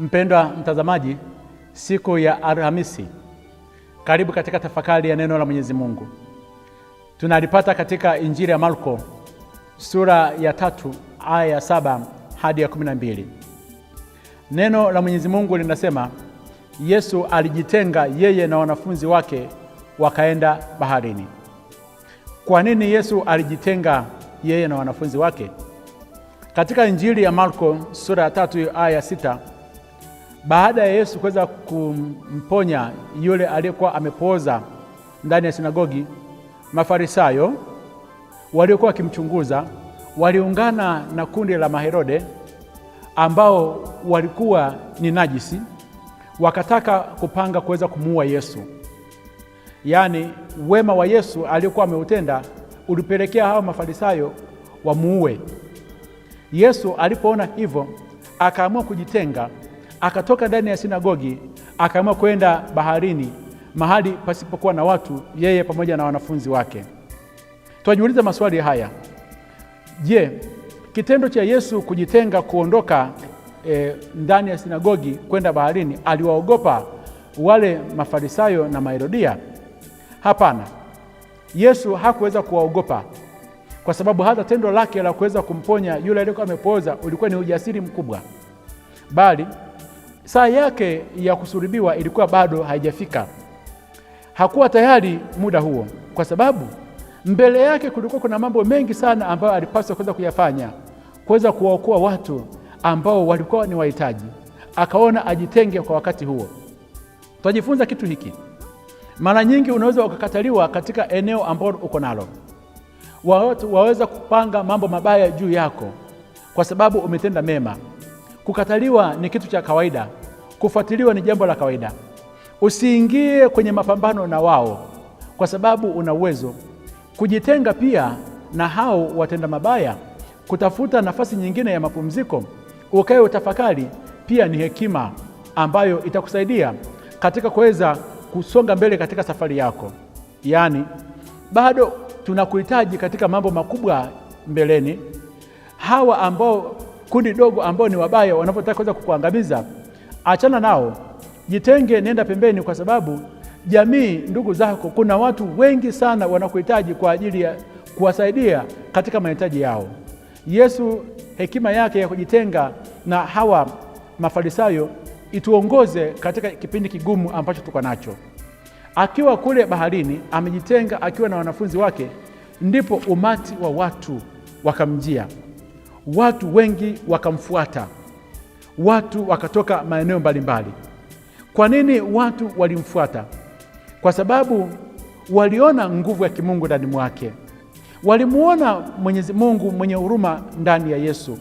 Mpendwa mtazamaji, siku ya Alhamisi, karibu katika tafakari ya neno la Mwenyezi Mungu. Tunalipata katika Injili ya Marko sura ya tatu aya ya saba hadi ya kumi na mbili. Neno la Mwenyezi Mungu linasema Yesu alijitenga yeye na wanafunzi wake wakaenda baharini. Kwa nini Yesu alijitenga yeye na wanafunzi wake? Katika Injili ya Marko sura ya tatu aya ya sita baada ya Yesu kuweza kumponya yule aliyekuwa amepooza ndani ya sinagogi, Mafarisayo waliokuwa wakimchunguza waliungana na kundi la Maherode ambao walikuwa ni najisi, wakataka kupanga kuweza kumuua Yesu. Yaani wema wa Yesu aliyokuwa ameutenda ulipelekea hao Mafarisayo wamuue Yesu. Alipoona hivyo, akaamua kujitenga akatoka ndani ya sinagogi akaamua kwenda baharini, mahali pasipokuwa na watu, yeye pamoja na wanafunzi wake. Twajiuliza maswali haya. Je, kitendo cha Yesu kujitenga, kuondoka e, ndani ya sinagogi kwenda baharini, aliwaogopa wale Mafarisayo na Maherodia? Hapana, Yesu hakuweza kuwaogopa kwa sababu hata tendo lake la kuweza kumponya yule aliyekuwa amepooza ulikuwa ni ujasiri mkubwa, bali saa yake ya kusulubiwa ilikuwa bado haijafika. Hakuwa tayari muda huo, kwa sababu mbele yake kulikuwa kuna mambo mengi sana ambayo alipaswa kuweza kuyafanya, kuweza kuwaokoa watu ambao walikuwa ni wahitaji. Akaona ajitenge kwa wakati huo. twajifunza kitu hiki. Mara nyingi unaweza ukakataliwa katika eneo ambalo uko nalo, watu waweza kupanga mambo mabaya juu yako kwa sababu umetenda mema. Kukataliwa ni kitu cha kawaida, Kufuatiliwa ni jambo la kawaida. Usiingie kwenye mapambano na wao, kwa sababu una uwezo. Kujitenga pia na hao watenda mabaya, kutafuta nafasi nyingine ya mapumziko, ukae utafakari, pia ni hekima ambayo itakusaidia katika kuweza kusonga mbele katika safari yako. Yaani, bado tunakuhitaji katika mambo makubwa mbeleni. Hawa ambao kundi dogo ambao ni wabaya wanavyotaka kuweza kukuangamiza achana nao, jitenge, nenda pembeni, kwa sababu jamii, ndugu zako, kuna watu wengi sana wanakuhitaji kwa ajili ya kuwasaidia katika mahitaji yao. Yesu, hekima yake ya kujitenga na hawa Mafarisayo ituongoze katika kipindi kigumu ambacho tuko nacho. Akiwa kule baharini amejitenga akiwa na wanafunzi wake, ndipo umati wa watu wakamjia, watu wengi wakamfuata watu wakatoka maeneo mbalimbali. Kwa nini watu walimfuata? Kwa sababu waliona nguvu ya kimungu ndani mwake, walimuona Mwenyezi Mungu mwenye huruma ndani ya Yesu,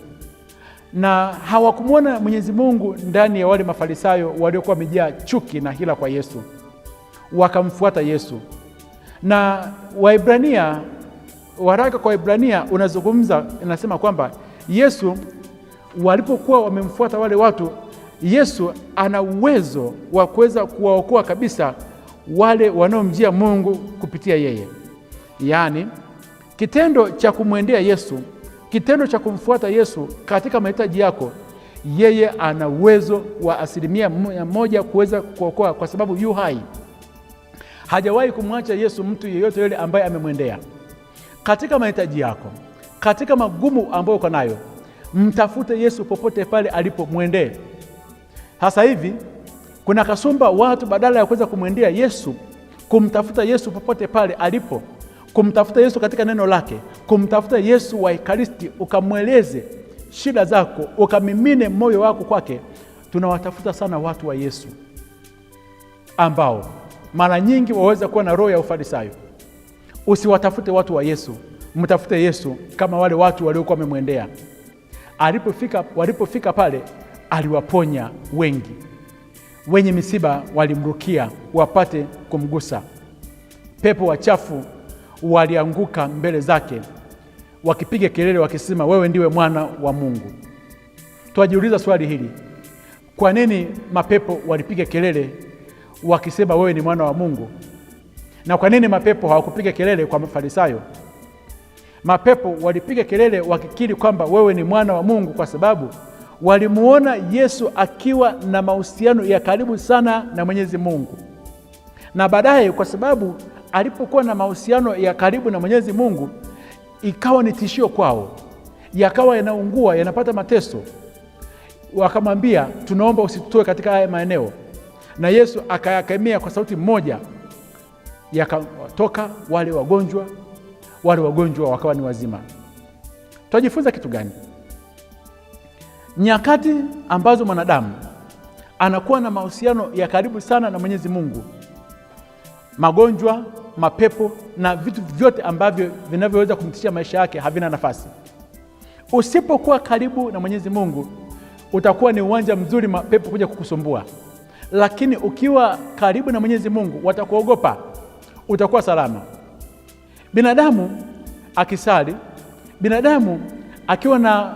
na hawakumwona Mwenyezi Mungu ndani ya wale mafarisayo waliokuwa wamejaa chuki na hila kwa Yesu. Wakamfuata Yesu, na Waibrania, waraka kwa Waibrania unazungumza, inasema kwamba Yesu walipokuwa wamemfuata wale watu, Yesu ana uwezo wa kuweza kuwaokoa kabisa wale wanaomjia Mungu kupitia yeye. Yaani, kitendo cha kumwendea Yesu, kitendo cha kumfuata Yesu katika mahitaji yako, yeye ana uwezo wa asilimia mia moja kuweza kuokoa, kwa sababu yu hai. Hajawahi kumwacha Yesu mtu yeyote yule ambaye amemwendea katika mahitaji yako, katika magumu ambayo uko nayo. Mtafute Yesu popote pale alipo, mwendee. Sasa hivi kuna kasumba, watu badala ya kuweza kumwendea Yesu, kumtafuta Yesu popote pale alipo, kumtafuta Yesu katika neno lake, kumtafuta Yesu wa Ekaristi, ukamweleze shida zako, ukamimine moyo wako kwake. Tunawatafuta sana watu wa Yesu ambao mara nyingi waweza kuwa na roho ya ufarisayo. Usiwatafute watu wa Yesu, mtafute Yesu kama wale watu waliokuwa wamemwendea. Alipofika, walipofika pale aliwaponya wengi, wenye misiba walimrukia wapate kumgusa. Pepo wachafu walianguka mbele zake wakipiga kelele wakisema, wewe ndiwe mwana wa Mungu. Twajiuliza swali hili, kwa nini mapepo walipiga kelele wakisema wewe ni mwana wa Mungu, na kwa nini mapepo hawakupiga kelele kwa Mafarisayo? mapepo walipiga kelele wakikiri kwamba wewe ni mwana wa Mungu, kwa sababu walimuona Yesu akiwa na mahusiano ya karibu sana na Mwenyezi Mungu. Na baadaye, kwa sababu alipokuwa na mahusiano ya karibu na Mwenyezi Mungu, ikawa ni tishio kwao, yakawa yanaungua, yanapata mateso. Wakamwambia, tunaomba usitutoe katika haya maeneo, na Yesu akayakemea kwa sauti moja, yakatoka wale wagonjwa wale wagonjwa wakawa ni wazima. tunajifunza kitu gani? Nyakati ambazo mwanadamu anakuwa na mahusiano ya karibu sana na Mwenyezi Mungu, magonjwa, mapepo na vitu vyote ambavyo vinavyoweza kumtishia maisha yake havina nafasi. Usipokuwa karibu na Mwenyezi Mungu, utakuwa ni uwanja mzuri mapepo kuja kukusumbua, lakini ukiwa karibu na Mwenyezi Mungu, watakuogopa, utakuwa salama. Binadamu akisali, binadamu akiwa na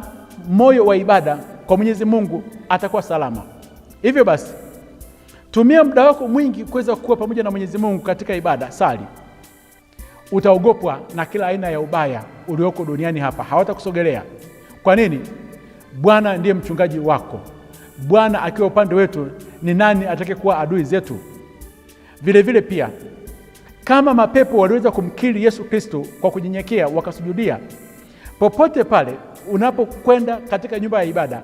moyo wa ibada kwa Mwenyezi Mungu atakuwa salama. Hivyo basi, tumia muda wako mwingi kuweza kuwa pamoja na Mwenyezi Mungu katika ibada, sali. Utaogopwa na kila aina ya ubaya ulioko duniani hapa, hawatakusogelea. Kwa nini? Bwana ndiye mchungaji wako. Bwana akiwa upande wetu, ni nani atake kuwa adui zetu? Vilevile vile pia kama mapepo waliweza kumkiri Yesu Kristo kwa kunyenyekea wakasujudia, popote pale unapokwenda katika nyumba ya ibada,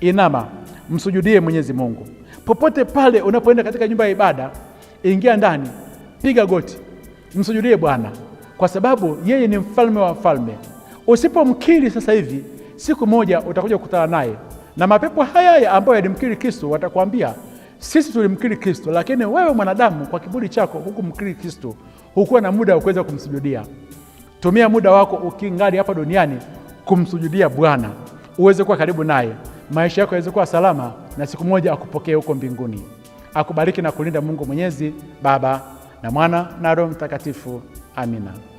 inama, msujudie Mwenyezi Mungu. Popote pale unapoenda katika nyumba ya ibada, ingia ndani, piga goti, msujudie Bwana, kwa sababu yeye ni mfalme wa falme. Usipomkiri sasa hivi, siku moja utakuja kukutana naye, na mapepo haya haya ambayo yalimkiri Kristo watakwambia sisi tulimkiri Kristo, lakini wewe mwanadamu, kwa kiburi chako hukumkiri Kristo, hukuwa na muda wa kuweza kumsujudia. Tumia muda wako ukingali hapa duniani kumsujudia Bwana uweze kuwa karibu naye, maisha yako yaweze kuwa salama, na siku moja akupokee huko mbinguni. Akubariki na kulinda Mungu Mwenyezi, Baba na Mwana na Roho Mtakatifu. Amina.